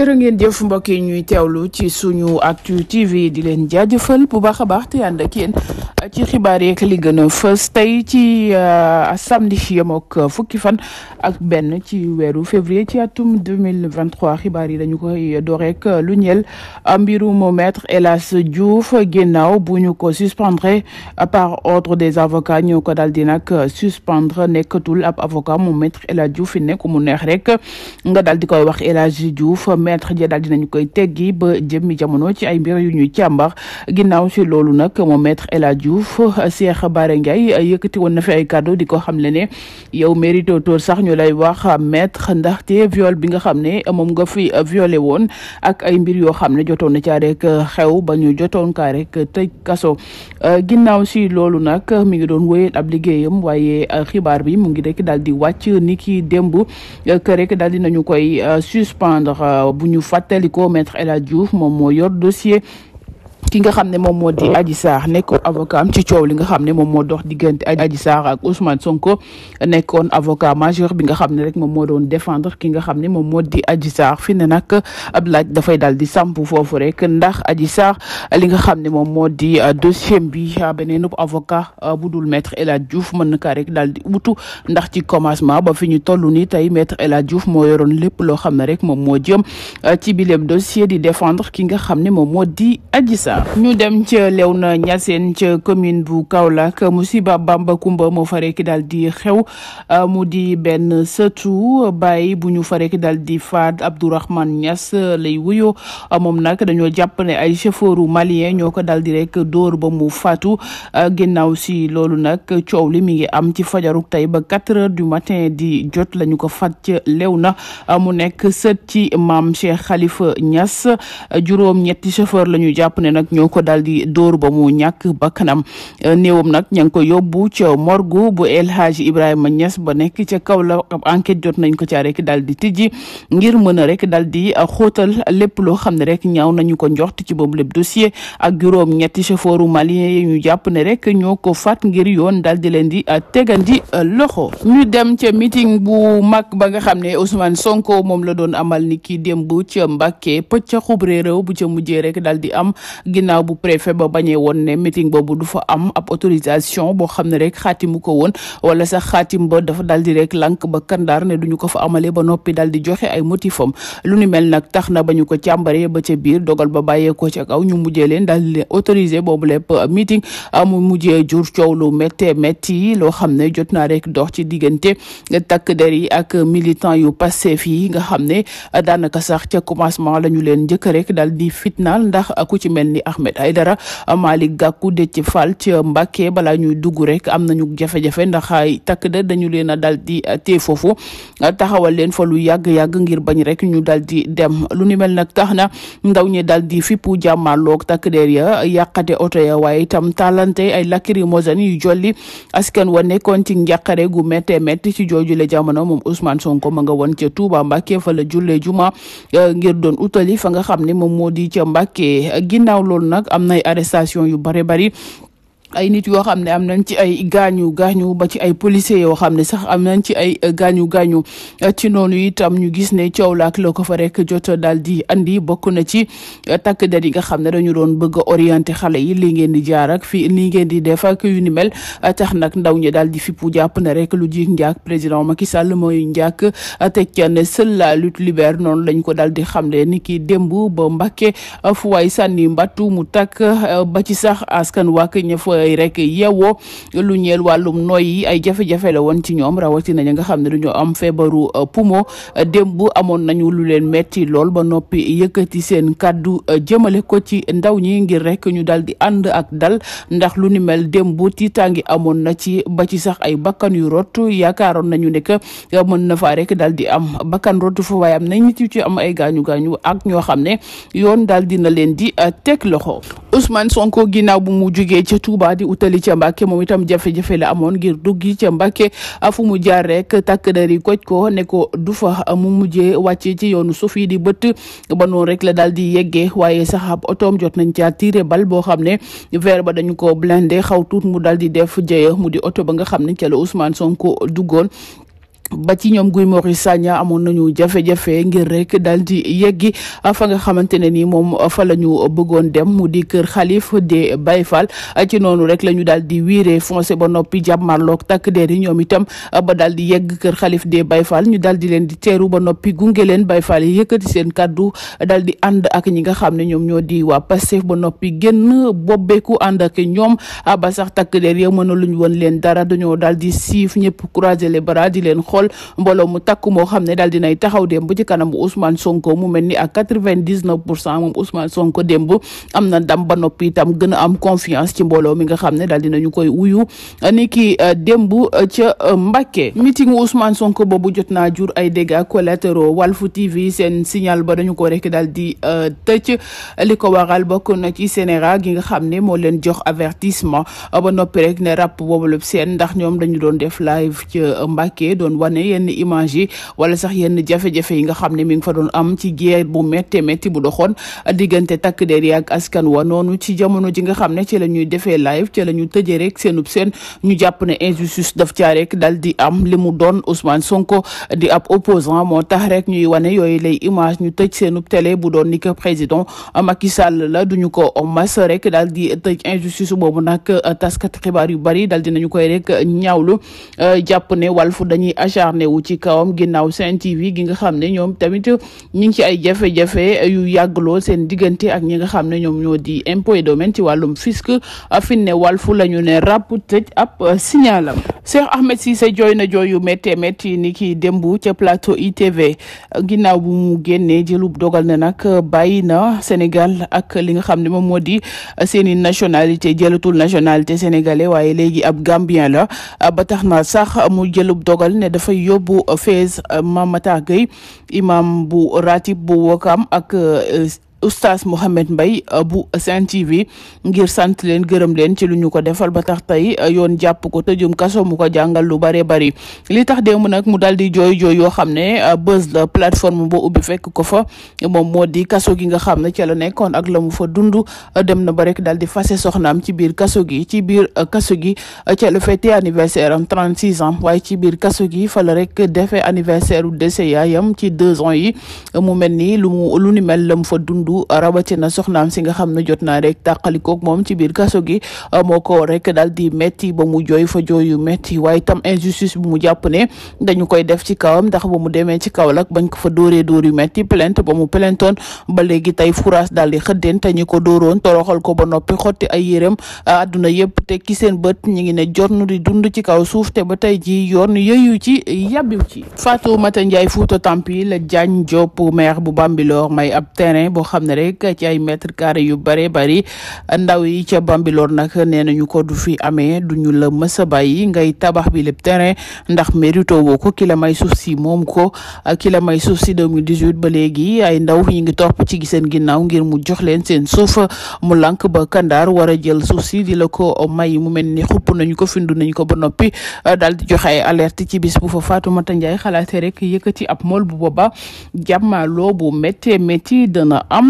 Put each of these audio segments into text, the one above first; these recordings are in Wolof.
jërë ngeen jëf mbokk yi ñuy teewlu ci suñu Actu TV di leen jaajëfal bu baax a baax te ànd ak yéen ci xibaar yeeg li gën a fës tey ci euh, samedi yem ak fukki fan ak benn ci weeru février ci atum 2023 xibaar yi dañu koy door rek lu ñeel mbirum maître El Hadji Diouf ginnaaw bu ñu ko suspendre par ordre des avocats ñoo ko daal di nag suspendre nekkatul ab avocat mu maître El Hadji fi nekk mu neex rek nga daal di koy wax El Hadji maître ja daal dinañu koy teggi ba jëmmi jamono ci ay mbir yu ñuy càmbar ginnaaw si loolu nag moom maître El Hadj Diouf Cheikh Bara Ndiaye yëkkati woon na fi ay kàddu di ko xam le ne yow mérito toor sax ñu lay wax maître ndaxte viol bi nga xam ne moom nga fi violé woon ak ay mbir yoo xam ne jotoon na caa rek xew ba ñu jotoon ka rek tëj kaso ginnaaw si loolu nag mi ngi doon wéyal ab liggéeyam waaye xibaar bi mu ngi rek daal di wàcc niki ki démb que rek daal di nañu koy suspendre bu ñu fàttalikoo maître El Hadj Diouf moom moo yor dossier kii nga xam ne moom moo di ah. Adji Sarr nekkoon avocat am ci coow li nga xam ne moom moo dox diggante Adji Sarr ak Ousmane Sonko nekkoon avocat majeur bi nga xam ne rek moom moo doon défendre ki nga xam ne moom moo di Adji Sarr fi ne nag ab laaj dafay daal di samp foofu rek ndax Adji Sarr li nga xam ne moom moo di ah, dossier bi ah, beneen avocat bu dul maître El Hadj Diouf mën na kaa rek daal di utu ndax ci commencement ba fi ñu toll nii tey maître El Hadj Diouf moo yoroon lépp loo xam ne rek moom moo jëm ci bileem dossier di défendre ki nga xam ne moom moo di Adji ñu dem ca Léona Niassène ca commune bu Kaolack musiba Bamba Kumba moo faree ki daal di xew euh, mu di benn sëtu baay bu ñu fa rek daal di faat Abdourahmane Niass lay wuyoo moom nag dañoo jàpp ne ay chauffeuru malien ñoo ko daal di rek dóor ba mu faatu euh, ginnaaw si loolu nag coow li mi ngi am ci fajaruk tey ba quatre heures du matin di jot la ñu ko faat ca na euh, mu nekk sët ci maam Cheikh Khalifa Niass juróom ñetti chauffeur la ñu jàpp ne nag ñoo ko daal di dóor ba mu ñàkk ba kanam euh, néewam nag ña ngi ko yóbbu ca morgu bu El Hadji Ibrahima Niass ba nekk ca kaw la enquête jot nañ ko caa rekk daal di tijji ngir mën a rek daal di euh, xóotal lépp loo xam ne rek ñaaw nañu ko njort ci boobu lépp dossier ak juróom ñetti chauffeuru malien yi ñu jàpp ne rek ñoo ko faat ngir yoon daal di leen di euh, tegandi loxo ñu dem ca meeting bu mag ba nga xam ne Ousmane Sonko moom la doon amal ni kii démb ca Mbàkke pëcc xub réew bu ca mujjee rek daal di am ginnaaw bu préfet ba bañee woon ne meeting boobu du fa am ab autorisation boo xam ne rek xaatimu ko woon wala sax xaatim ba dafa dal di rek lank ba kandaar ne duñu ko fa amale ba noppi dal di joxe ay motifam lu ni mel nag tax na ba ñu ko càmbaree ba ca biir dogal ba bàyyeekoo ca kaw ñu mujjee leen dal di leen autorisé boobu lépp meeting ah, mu mujjee jur coow lu méttee métti yi loo xam ne jot naa rek dox ci diggante takk der yi ak militant yu Pastef yi nga xam ne daanaka sax ca commencement lañ ñu Ahmed Aidara Malick Gakou Déthié Fall ci Mbacké balaa ñuy dugg rek am na ñu jafe-jafe ndax takk da dañu leen a dal di eh, tee foofu taxawal leen fa lu yàgg-yàgg ngir bañ rek ñu dal di dem lu ni mel nag tax na ndaw ñe dal di fippu jàmmaarloog takk der ya yàqate oto ya waaye tam taalante ay lacrymogène yu jolli askan wa nekkoon ci njàqare gu méttee met ci jooju la jamono moom Ousmane Sonko ma nga woon ca Touba Mbacké fa la juma eh, ngir doon utali fa xam ne moom moo di ca Mbacké loolu nag am nay arrestation yu bare bari ay nit yoo xam ne am nañ ci ay gaañu gaañu ba ci ay policiers yoo xam ne sax am nañ ci ay gaañu gaañu ci noonu itam ñu gis ne coow la ak loo ko fa rek jot daal di andi bokk na ci takk der yi nga xam ne dañu doon bëgg a orienter xale yi li ngeen di jaar ak fii li ngeen di def ak yu tax nag ndaw ñi daal di fippu jàpp na rek lu jiig njaak président maki Sall mooy njaak teg ca ne seule la lutte libère noonu lañ ko daal di xamle ni ki démb ba Mbàkke fu waay sànni mbattu mu takk ba ci sax askan wàkk ña fa rek yeewoo lu ñeel wàllum nooy yi ay jafe-jafe woon ci ñoom rawatina ñi nga xam ne dañoo am feebaru euh, poumon euh, démb amoon nañu lu leen metti lool ba noppi yëkkati seen kàddu euh, jëmale ko ci ndaw ñi ngir rek ñu daal di ànd ak dal ndax lu ni mel démb tàngi amoon na ci ba ci sax ay bakkan yu rot yaakaaroon nañu ne que mën na faa rek daal di am bakkan rot fa waaye am na nit yu ci am ay gaañu gaañu ak ñoo xam ne yoon daal dina leen di teg loxo. Ousmane Sonko ginnaaw bu mu jugee ca Touba di utali ca Mbàkke moom itam jafe-jafe la amoon ngir duggi ca Mbàkke fu mu jaar rek takk der yi koj ko ne ko du fa mu mujjee wàcce ci yoonu suuf yi di bëtt ba noonu rek la daal di yeggee waaye sax ab jot nañ caa tiré bal boo xam ne verre ba dañu ko blindé xaw tuut mu daal di def jëye mu di oto ba nga xam ne ca la Sonko duggoon ba ci ñoom Guy Marius Sagna amoon nañu jafe-jafe ngir rek daal di yeggi afa nga xamante ne ni moom fa la ñu bëggoon dem mu di kër xalif de Baye Fall ci noonu rek la ñu daal di wiire foncé ba noppi jàmmarloog takk der yi ñoom itam ba daal di yegg kër xalif de bay fal ñu daal di leen di teeru ba noppi gunge leen Baye Fall yi yëkkati seen kàddu daal di ànd ak ñi nga xam ne ñoom ñoo di waa Pastef ba noppi génn bobbeeku ànd ak ñoom ba sax takk der ya mën a luñ woon leen dara dañoo daal di siif ñëpp xool mbooloo mu moo xam ne daal dinay taxaw démb ci kanamu Ousmane Sonko mu mel ni ak quatre-vingt-dix-neuf pour cent moom Ousmane Sonko démb am na ndam ba noppi itam gën a am confiance ci mbooloo mi nga xam ne daal dinañu koy wuyu ni ki euh, démb euh, ca euh, Mbacké meeting Ousmane Sonko boobu jot naa jur ay dégâts collatéraux Walfu TV seen signal ba dañu ko rek daal di tëj li ko waral bokk na ci Sénégal gi nga xam ne moo leen jox avertissement ba noppi rek ne rap boobu la seen ndax ñoom dañu doon def live ca Mbacké doon wane yenn image wala sax yenn jafe-jafe yi nga xam ne mi ngi fa doon am ci guerre bu métte métti bu doxoon diggante takk der yi ak askan wa noonu ci jamono ji nga xam ne ci la ñuy defee live ci la ñu tëjee rek seenub seen ñu jàpp ne injustice daf caa rek dal di am li mu doon Ousmane Sonko di ab opposant moo tax rek ñuy wane yooyu lay image ñu tëj seenub télé bu doon ni que président Macky Sall la duñu ko mas rek daal di tëj injustice boobu nag taskat xibaar yu bari dal dinañu koy rek ñaawlu acharné wu ci kawam ginnaaw Sen TV gi xam ne ñoom tamit ñi ngi ci ay jafe-jafe yu yàggloo seen diggante ak ñi nga xam ne ñoom ñoo di impôt et domaine ci wàllum fisc fi ne Walfu la ñu ne ràpp tëj ab signalam Cheikh Ahmed Cissé jooy na jooy yu méttee métti ni ki démb ca plateau ITV ginnaaw bu mu génnee jëlub dogal na nag bàyyi na Sénégal ak li nga xam ne moom moo di seeni nationalité jëlatul nationalité sénégalais waaye léegi ab Gambien la ba tax na sax mu jëlub dogal ne dafay yóbbu Fès Mame Matar imam bu ratib bu wokam ak euh, oustaz Mouhamed Mbaye euh, bu Sen TV ngir sant leen gërëm leen ci lu ñu ko defal ba tax tey euh, yoon jàpp ko tëjum kaso mu ko jàngal lu bare bari li tax démb nag mu daal di jooy jooy yoo xam ne euh, buzz la plateforme boo ubbi fekk ko fa moom moo di kaso gi nga xam ne ca la nekkoon ak la mu fa dund dem na ba rek daal di fase soxnaam ci biir kaso gi ci biir kaso gi ca la fête anniversaire am 36 ans waaye ci biir kaso gi fa rek defee anniversaire u décès yaayam ci deux ans yi mel ni mel la mu fa dund Doudou rawatina soxnaam si nga xam ne jot naa rek tàqalikoog moom ci biir kaso gi moo rek daal di metti ba mu jooy fa jooyu metti waaye tam injustice bu mu jàpp ne dañu koy def ci kawam ndax ba mu demee ci Kaolack bañ ko fa dóoree dóor yu metti plainte ba mu plaintoon ba léegi tey fourage daal di xëddeen ta ñu ko dóoroon toroxal ko ba noppi xotti ay yérem àdduna yëpp te ki seen bët ñi ngi ne jot nu di dund ci kaw suuf te ba tey ji yoon yëyu ci yàbbiw ci Fatou Mata Ndiaye Fouta Tampi la Diagne Diop maire bu Bambilor may ab xam ne rek ci ay mètre carré yu bare bari ndaw yi ca Bambilor nag nee ñu ko du fi amee du ñu la mës a bàyyi ngay tabax bi lépp terrain ndax mérito woo ko ki may suuf si moom ko ki la may suuf si 2018 ba léegi ay ndaw ñi ngi topp ci seen ginnaaw ngir mu jox leen seen suuf mu lànk ba kandaar war a jël suuf si di la ko may mu mel ni xupp nañu ko findu nañu ko ba noppi dal di joxe ay alerte ci bis bu fa Fatoumata Ndiaye xalaatee rek yëkkati ab mool bu booba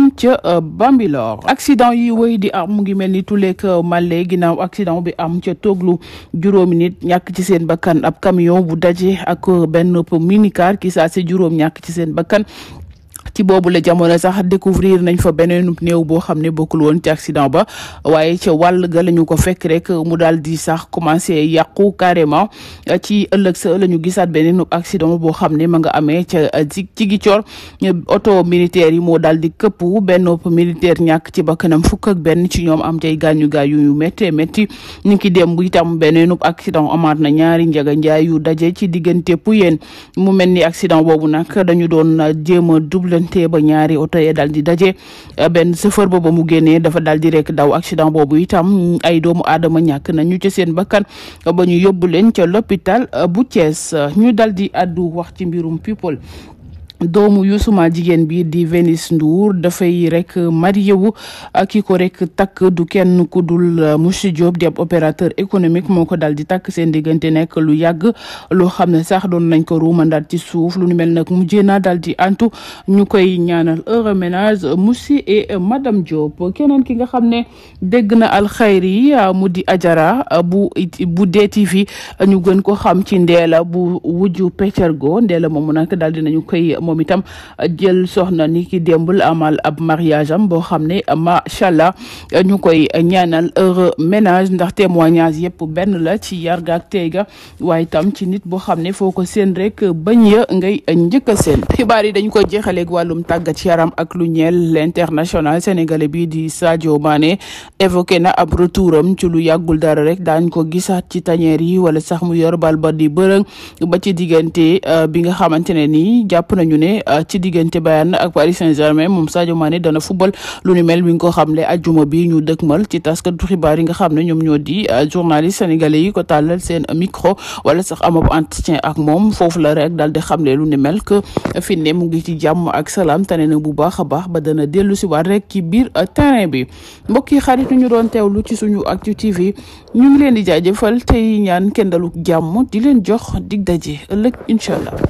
am ca euh, Bambilor accident yi woy di am mu ngi mel ni tuleeg male ginnaaw accident bi am ca tooglu juróomi nit ñàkk ci seen bakkan ab camion bu daje ak euh, benn minicar ki saa si juróom ñàkk ci seen bakkan ci boobu la jamono sax découvrir nañ fa beneen néew boo xam ne bokkul woon ci accident ba waaye ca wàll ga la ñu ko fekk rek mu daal di sax commencé yàqu carrément ci ëllëg sa la ñu gisaat beneen accident boo xam ne ma nga amee ca ci gi coor oto militaire yi moo daal di këpp benn militaire ñàkk ci bakkanam fukk ak benn ci ñoom am tey gaañu gaañu yu métti métti ñu ngi dem bu itam beneen accident amaat na ñaari njaga njaay yu daje ci diggante Puyéen mu mel ni accident boobu nag dañu doon jéem a double ëppalante ba ñaari oto ya daal di daje benn chauffeur boobu mu génnee dafa daal di rek daw accident boobu itam ay doomu aadama ñàkk nañu ci seen bakkan ba ñu yóbbu leen ca l'hôpital bu Thiès ñu dal di addu wax ci mbirum people doomu yusuma jigéen bi di Vénice Ndour dafay rek marié wu ah, ki ko rek takk du kenn ku dul ah, Moussa Diop di ab opérateur économique moo ko daal di takk seen diggante nekk lu yàgg loo xam ne sax doon nañ ko ruumandaat ci suuf lu nu mel nag mujjee naa daal di antu ñu koy ñaanal heureux ménage Moussi et ah, madame Diop keneen ki nga xam ne dégg na alxayri mu di Ajara bu bu DTV ñu gën ko xam ci Ndéla bu wujju Pétergo Ndéla moomu nag daal dinañu koy. moom itam jël soxna ni ki démbul amal ab mariage am boo xam ne macha allah ñu koy ñaanal heureux ménage ndax te témoignage yëpp benn la ci yar ga ak tey ga waaye itam ci nit boo xam ne foo ko seen rek bañ ya ngay njëkk a seen. xibaar yi dañ ko jeexaleeg wàllum tàggat yaram ak lu ñeel l'international sénégalais bi di Sadio Mané évoqué na ab retouram ci lu yàggul dara rek daañ ko gisaat ci tañeer yi wala sax mu yor bal ba di bërëng ba ci diggante euh, bi nga xamante nañu ne ah, ci diggante Bayern ak Paris Saint-Germain moom Sadio Mané dana football lu ni mel mi xam ko xamle ajjuma bi ñu dëkkmal ci taskatu xibaar yi nga xam ne ñoom ñoo di ah, journaliste sénégalais yi ko tàllal seen micro wala sax amab entretien ak moom foofu la rek daal di xamle lu ni mel que fi ne mu ngi ci jàmm ak salaam tane na bu baax a baax ba dana dellu si rek ki biir ah, terrain bi mbokk yi xarit ñu doon teewlu ci suñu Actu TV ñu ngi leen di jaajëfal tey ñaan kendalu jàmm di leen jox dig daje ëllëg incha allah